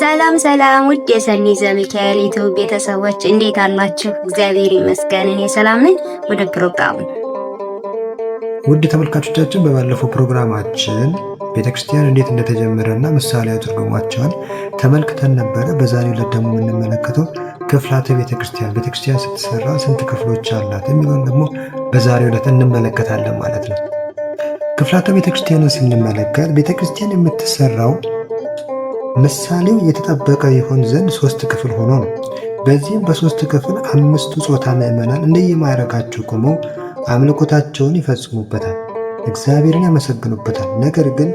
ሰላም ሰላም ውድ የሰኒ ዘሚካኤል ዩቲዩብ ቤተሰቦች እንዴት አላችሁ? እግዚአብሔር ይመስገን እኔ ሰላም ነኝ። ወደ ፕሮግራሙ ውድ ተመልካቾቻችን በባለፈው ፕሮግራማችን ቤተክርስቲያን እንዴት እንደተጀመረ እና ምሳሌያዊ ትርጉሟቸውን ተመልክተን ነበረ። በዛሬው ዕለት ደግሞ የምንመለከተው ክፍላተ ቤተክርስቲያን ቤተክርስቲያን ስትሰራ ስንት ክፍሎች አላት የሚለውን ደግሞ በዛሬው ዕለት እንመለከታለን ማለት ነው። ክፍላተ ቤተክርስቲያንን ስንመለከት ቤተክርስቲያን የምትሰራው ምሳሌው የተጠበቀ ይሆን ዘንድ ሶስት ክፍል ሆኖ ነው። በዚህም በሶስት ክፍል አምስቱ ጾታ ምዕመናን እንደየማዕረጋቸው ቆመው አምልኮታቸውን ይፈጽሙበታል፣ እግዚአብሔርን ያመሰግኑበታል። ነገር ግን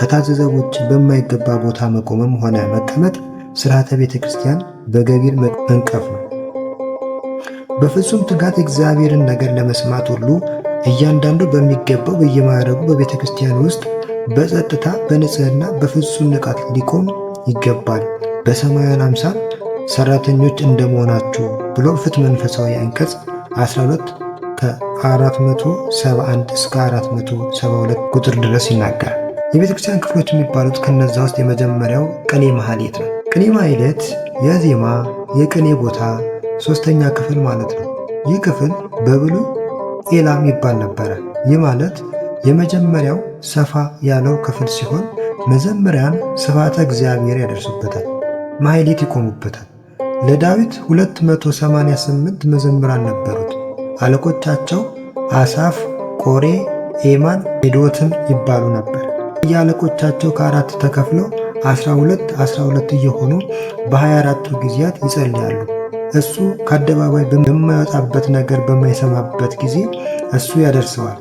ከታዘዘ ውጭ በማይገባ ቦታ መቆምም ሆነ መቀመጥ ስርዓተ ቤተ ክርስቲያን በገቢር መንቀፍ ነው። በፍጹም ትጋት እግዚአብሔርን ነገር ለመስማት ሁሉ እያንዳንዱ በሚገባው በየማዕረጉ በቤተ ክርስቲያን ውስጥ በጸጥታ በንጽህና በፍጹም ንቃት ሊቆም ይገባል። በሰማያዊ አምሳል ሰራተኞች እንደመሆናችሁ ብሎ ፍት መንፈሳዊ አንቀጽ 12 ከ471 እስከ 472 ቁጥር ድረስ ይናገራል። የቤተክርስቲያን ክፍሎች የሚባሉት ከነዛ ውስጥ የመጀመሪያው ቅኔ ማህሌት ነው። ቅኔ ማህሌት የዜማ የቅኔ ቦታ ሶስተኛ ክፍል ማለት ነው። ይህ ክፍል በብሉይ ኤላም ይባል ነበረ። ይህ ማለት የመጀመሪያው ሰፋ ያለው ክፍል ሲሆን መዘምሪያን ስብሐተ እግዚአብሔር ያደርሱበታል፣ ማኅሌት ይቆሙበታል። ለዳዊት 288 መዘምራን ነበሩት። አለቆቻቸው አሳፍ፣ ቆሬ፣ ኤማን፣ ሄዶትም ይባሉ ነበር። የአለቆቻቸው ከአራት ተከፍለው 12 12 እየሆኑ በ24ቱ ጊዜያት ይጸልያሉ። እሱ ከአደባባይ በማይወጣበት ነገር በማይሰማበት ጊዜ እሱ ያደርሰዋል።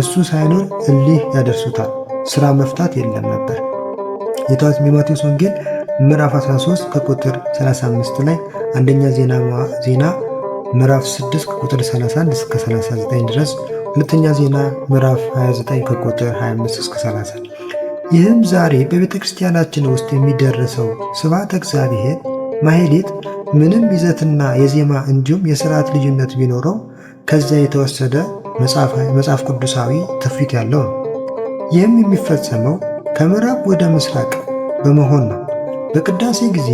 እሱ ሳይኖር እልህ ያደርሱታል። ሥራ መፍታት የለም ነበር። የታዋቂ ማቴዎስ ወንጌል ምዕራፍ 13 ከቁጥር 35 ላይ አንደኛ ዜና ምዕራፍ 6 ከቁጥር 31 እስከ 39 ድረስ ሁለተኛ ዜና ምዕራፍ 29 ከቁጥር 25 እስከ 30። ይህም ዛሬ በቤተ ክርስቲያናችን ውስጥ የሚደረሰው ስብሐተ እግዚአብሔር ማኅሌት ምንም ይዘትና የዜማ እንዲሁም የሥርዓት ልዩነት ቢኖረው ከዚያ የተወሰደ መጽሐፍ ቅዱሳዊ ትውፊት ያለው ነው። ይህም የሚፈጸመው ከምዕራብ ወደ ምስራቅ በመሆን ነው። በቅዳሴ ጊዜ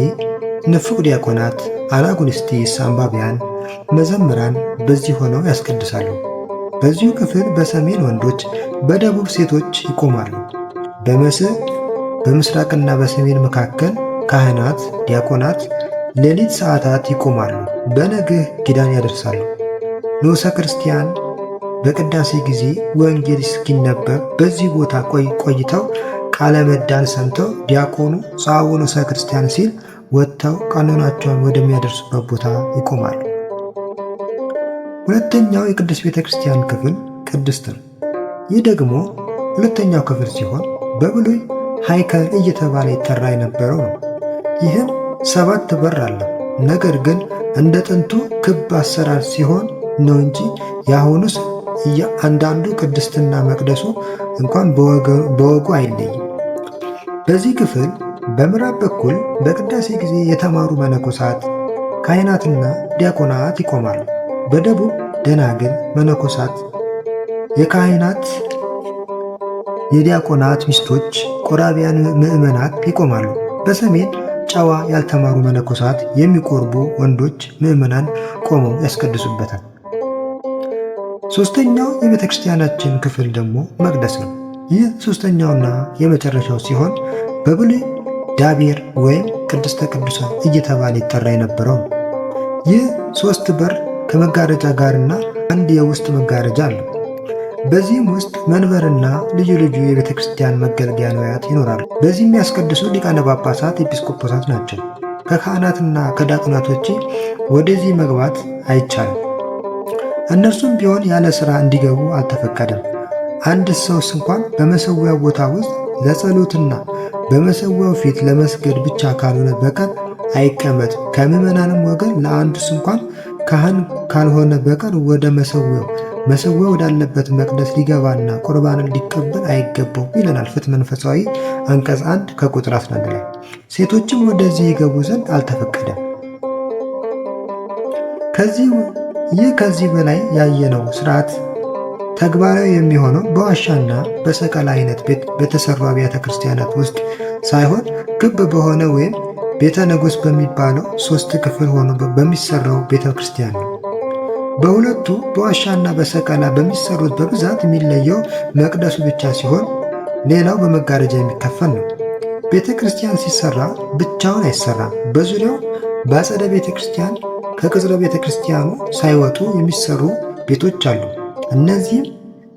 ንፉግ ዲያቆናት፣ አናጉንስቲስ፣ አንባቢያን፣ መዘምራን በዚህ ሆነው ያስቀድሳሉ። በዚሁ ክፍል በሰሜን ወንዶች፣ በደቡብ ሴቶች ይቆማሉ። በመስ በምስራቅና በሰሜን መካከል ካህናት፣ ዲያቆናት ሌሊት ሰዓታት ይቆማሉ። በነግህ ኪዳን ያደርሳሉ። ንዑሰ ክርስቲያን በቅዳሴ ጊዜ ወንጌል እስኪነበብ በዚህ ቦታ ቆይ ቆይተው ቃለ መዳን ሰምተው ዲያቆኑ ጻአቡነ ወሰ ክርስቲያን ሲል ወጥተው ቀኖናቸውን ወደሚያደርሱበት ቦታ ይቆማሉ። ሁለተኛው የቅዱስ ቤተ ክርስቲያን ክፍል ቅድስት ነው። ይህ ደግሞ ሁለተኛው ክፍል ሲሆን በብሉይ ሃይከል እየተባለ ይጠራ የነበረው ነው። ይህም ሰባት በር አለው። ነገር ግን እንደ ጥንቱ ክብ አሰራር ሲሆን ነው እንጂ የአሁኑስ እያንዳንዱ ቅድስትና መቅደሱ እንኳን በወጉ አይለይም። በዚህ ክፍል በምዕራብ በኩል በቅዳሴ ጊዜ የተማሩ መነኮሳት ካህናትና ዲያቆናት ይቆማሉ። በደቡብ ደናግል፣ መነኮሳት፣ የካህናት የዲያቆናት ሚስቶች፣ ቆራቢያን ምዕመናት ይቆማሉ። በሰሜን ጨዋ ያልተማሩ መነኮሳት የሚቆርቡ ወንዶች ምዕመናን ቆመው ያስቀድሱበታል። ሶስተኛው የቤተ ክርስቲያናችን ክፍል ደግሞ መቅደስ ነው። ይህ ሶስተኛውና የመጨረሻው ሲሆን በብሉይ ዳቤር ወይም ቅድስተ ቅዱሳን እየተባለ ይጠራ የነበረው ይህ ሶስት በር ከመጋረጃ ጋርና አንድ የውስጥ መጋረጃ አለው። በዚህም ውስጥ መንበርና ልዩ ልዩ የቤተ ክርስቲያን መገልገያ ንዋያት ይኖራሉ። በዚህ የሚያስቀድሱ ሊቃነ ጳጳሳት ኤጲስቆጶሳት ናቸው። ከካህናትና ከዲያቆናት ውጪ ወደዚህ መግባት አይቻልም። እነርሱም ቢሆን ያለ ሥራ እንዲገቡ አልተፈቀደም። አንድ ሰውስ እንኳን በመሠዊያ ቦታ ውስጥ ለጸሎትና በመሠዊያው ፊት ለመስገድ ብቻ ካልሆነ በቀር አይቀመጥ። ከምዕመናንም ወገን ለአንዱስ እንኳን ካህን ካልሆነ በቀር ወደ መሠዊያው መሠዊያ ወዳለበት መቅደስ ሊገባና ቁርባንን ሊቀበል አይገባው ይለናል ፍትሐ መንፈሳዊ አንቀጽ 1 ከቁጥር 11 ላይ። ሴቶችም ወደዚህ ይገቡ ዘንድ አልተፈቀደም። ከዚህ ይህ ከዚህ በላይ ያየነው ስርዓት ተግባራዊ የሚሆነው በዋሻና በሰቀላ አይነት ቤት በተሰሩ አብያተ ክርስቲያናት ውስጥ ሳይሆን ክብ በሆነ ወይም ቤተ ንጉሥ በሚባለው ሶስት ክፍል ሆኖ በሚሰራው ቤተ ክርስቲያን ነው። በሁለቱ በዋሻና በሰቀላ በሚሰሩት በብዛት የሚለየው መቅደሱ ብቻ ሲሆን ሌላው በመጋረጃ የሚከፈል ነው። ቤተ ክርስቲያን ሲሰራ ብቻውን አይሰራም። በዙሪያው በአጸደ ቤተ ክርስቲያን ከቅጽረ ቤተ ክርስቲያኑ ሳይወጡ የሚሰሩ ቤቶች አሉ። እነዚህም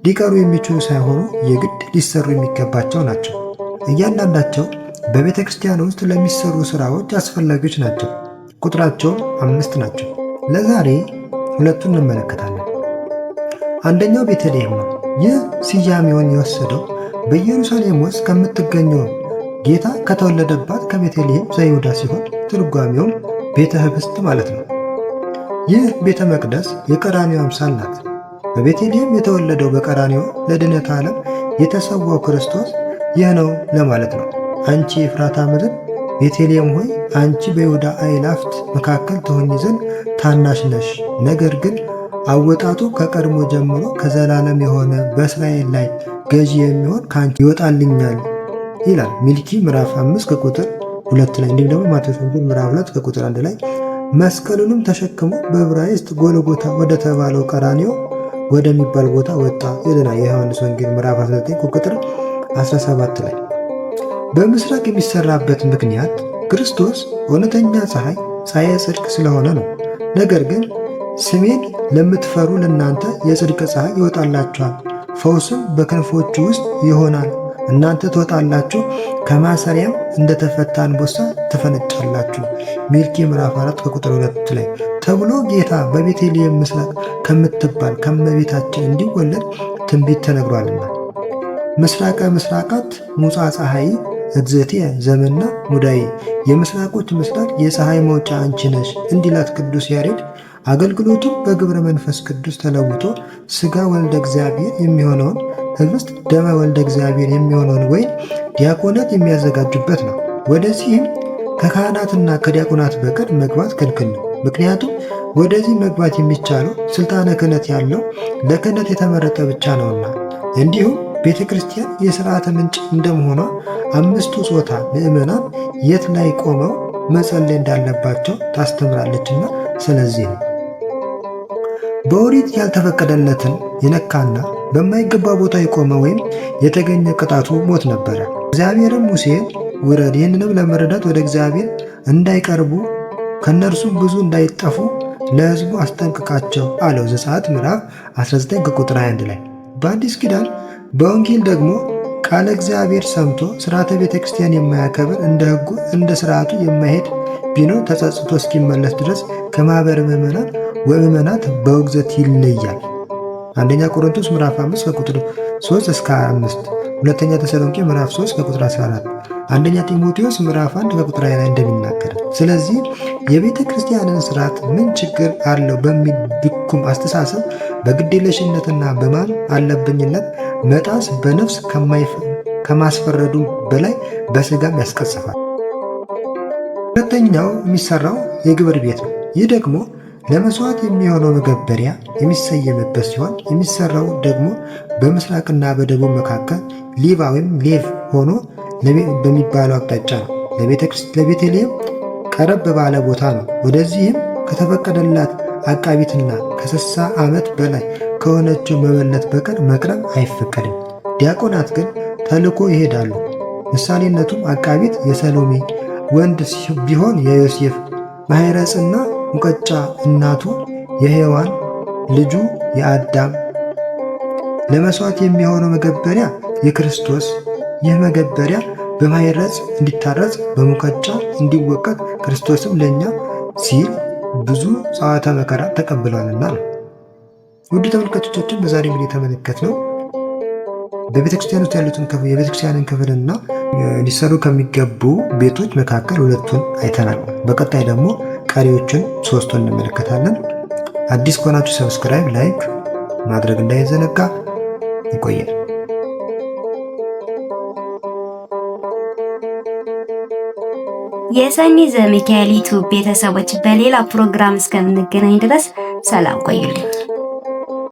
ሊቀሩ የሚችሉ ሳይሆኑ የግድ ሊሰሩ የሚገባቸው ናቸው። እያንዳንዳቸው በቤተ ክርስቲያን ውስጥ ለሚሰሩ ስራዎች አስፈላጊዎች ናቸው። ቁጥራቸውም አምስት ናቸው። ለዛሬ ሁለቱን እንመለከታለን። አንደኛው ቤተልሔም ነው። ይህ ስያሜውን የወሰደው በኢየሩሳሌም ውስጥ ከምትገኘው ጌታ ከተወለደባት ከቤተልሔም ዘይሁዳ ሲሆን ትርጓሜውም ቤተ ህብስት ማለት ነው። ይህ ቤተ መቅደስ የቀራንዮ አምሳል ናት። በቤተልሔም የተወለደው በቀራንዮ ለድነት ዓለም የተሰዋው ክርስቶስ ይህ ነው ለማለት ነው። አንቺ የፍራታ ምድር ቤተልሔም ሆይ አንቺ በይሁዳ አይላፍት መካከል ትሆኚ ዘንድ ታናሽ ነሽ፣ ነገር ግን አወጣጡ ከቀድሞ ጀምሮ ከዘላለም የሆነ በእስራኤል ላይ ገዢ የሚሆን ከአንቺ ይወጣልኛል ይላል። ሚልኪ ምዕራፍ 5 ከቁጥር ሁለት ላይ እንዲሁም ደግሞ ማቴዎስ ምዕራፍ ሁለት ከቁጥር አንድ ላይ መስቀሉንም ተሸክሞ በዕብራይስጥ ጎልጎታ ወደ ተባለው ቀራኒዮ ወደሚባል ቦታ ወጣ ይልና የዮሐንስ ወንጌል ምዕራፍ 19 ቁጥር 17 ላይ። በምስራቅ የሚሰራበት ምክንያት ክርስቶስ እውነተኛ ፀሐይ ፀሐየ ጽድቅ ስለሆነ ነው። ነገር ግን ስሜን ለምትፈሩ ለእናንተ የጽድቅ ፀሐይ ይወጣላችኋል፣ ፈውስም በክንፎቹ ውስጥ ይሆናል እናንተ ትወጣላችሁ፣ ከማሰሪያም እንደተፈታ አንበሳ ትፈነጫላችሁ። ሚልኪ ምዕራፍ 4 ከቁጥር 2 ላይ ተብሎ ጌታ በቤተልሔም ምስራቅ ከምትባል ከመቤታችን እንዲወለድ ትንቢት ተነግሯልና። ምስራቀ ምስራቃት ሙፃ ፀሐይ እግዝእትየ ዘመና ሙዳይ፣ የምስራቆች ምስራቅ የፀሐይ መውጫ አንቺ ነሽ እንዲላት ቅዱስ ያሬድ አገልግሎቱም በግብረ መንፈስ ቅዱስ ተለውጦ ሥጋ ወልደ እግዚአብሔር የሚሆነውን ህብስት ደመ ወልደ እግዚአብሔር የሚሆነውን ወይን ዲያቆናት የሚያዘጋጁበት ነው። ወደዚህም ከካህናትና ከዲያቆናት በቀር መግባት ክልክል ነው። ምክንያቱም ወደዚህ መግባት የሚቻለው ስልጣነ ክህነት ያለው ለክህነት የተመረጠ ብቻ ነውና። እንዲሁም ቤተ ክርስቲያን የሥርዓተ ምንጭ እንደመሆኗ አምስቱ ጾታ ምዕመናን የት ላይ ቆመው መጸለይ እንዳለባቸው ታስተምራለችና ስለዚህ ነው በኦሪት ያልተፈቀደለትን የነካና በማይገባ ቦታ የቆመ ወይም የተገኘ ቅጣቱ ሞት ነበረ። እግዚአብሔርም ሙሴን ውረድ፣ ይህንንም ለመረዳት ወደ እግዚአብሔር እንዳይቀርቡ ከእነርሱም ብዙ እንዳይጠፉ ለሕዝቡ አስጠንቅቃቸው አለው። ዘጸአት ምዕራፍ 19 ቁጥር 21 ላይ። በአዲስ ኪዳን በወንጌል ደግሞ ቃለ እግዚአብሔር ሰምቶ ስርዓተ ቤተ ክርስቲያን የማያከብር እንደ ሕጉ እንደ ስርዓቱ የማይሄድ ቢኖር ተጸጽቶ እስኪመለስ ድረስ ከማኅበረ ምዕመናን ወምዕመናት በውግዘት ይለያል። አንደኛ ቆሮንቶስ ምዕራፍ 5 ከቁጥር 3 እስከ 5 ሁለተኛ ተሰሎንቄ ምዕራፍ 3 ከቁጥር 14፣ አንደኛ ጢሞቴዎስ ምዕራፍ 1 ከቁጥር 20 እንደሚናገር። ስለዚህ የቤተ ክርስቲያንን ስርዓት ምን ችግር አለው በሚል ድኩም አስተሳሰብ በግዴለሽነትና በማን አለብኝነት መጣስ በነፍስ ከማስፈረዱ በላይ በስጋም ያስቀጽፋል። ሁለተኛው የሚሰራው የግብር ቤት ነው። ይህ ደግሞ ለመስዋዕት የሚሆነው መገበሪያ የሚሰየምበት ሲሆን የሚሰራው ደግሞ በምስራቅና በደቡብ መካከል ሊቫ ወይም ሌቭ ሆኖ በሚባለው አቅጣጫ ነው። ለቤተልሔም ቀረብ ባለ ቦታ ነው። ወደዚህም ከተፈቀደላት አቃቢትና ከስሳ ዓመት በላይ ከሆነችው መበለት በቀር መቅረብ አይፈቀድም። ዲያቆናት ግን ተልኮ ይሄዳሉ። ምሳሌነቱም አቃቢት የሰሎሜ ወንድ ቢሆን የዮሴፍ ማኅረጽና ሙቀጫ እናቱ የሔዋን ልጁ የአዳም ለመሥዋዕት የሚሆነው መገበሪያ የክርስቶስ ይህ መገበሪያ በማይረጽ እንዲታረጽ በሙቀጫ እንዲወቀጥ ክርስቶስም ለእኛ ሲል ብዙ ጸዋተ መከራ ተቀብሏልና ነው። ውድ ተመልካቾቻችን በዛሬ እንግዲህ የተመለከትነው በቤተክርስቲያን ውስጥ ያሉትን የቤተክርስቲያንን ክፍልና ሊሰሩ ከሚገቡ ቤቶች መካከል ሁለቱን አይተናል። በቀጣይ ደግሞ ቀሪዎችን ሶስቱን እንመለከታለን። አዲስ ከሆናችሁ ሰብስክራይብ፣ ላይክ ማድረግ እንዳይዘነጋ። ይቆያል። የሰኒ ዘሚካኤል ዩቲዩብ ቤተሰቦች በሌላ ፕሮግራም እስከምንገናኝ ድረስ ሰላም ቆዩልኝ።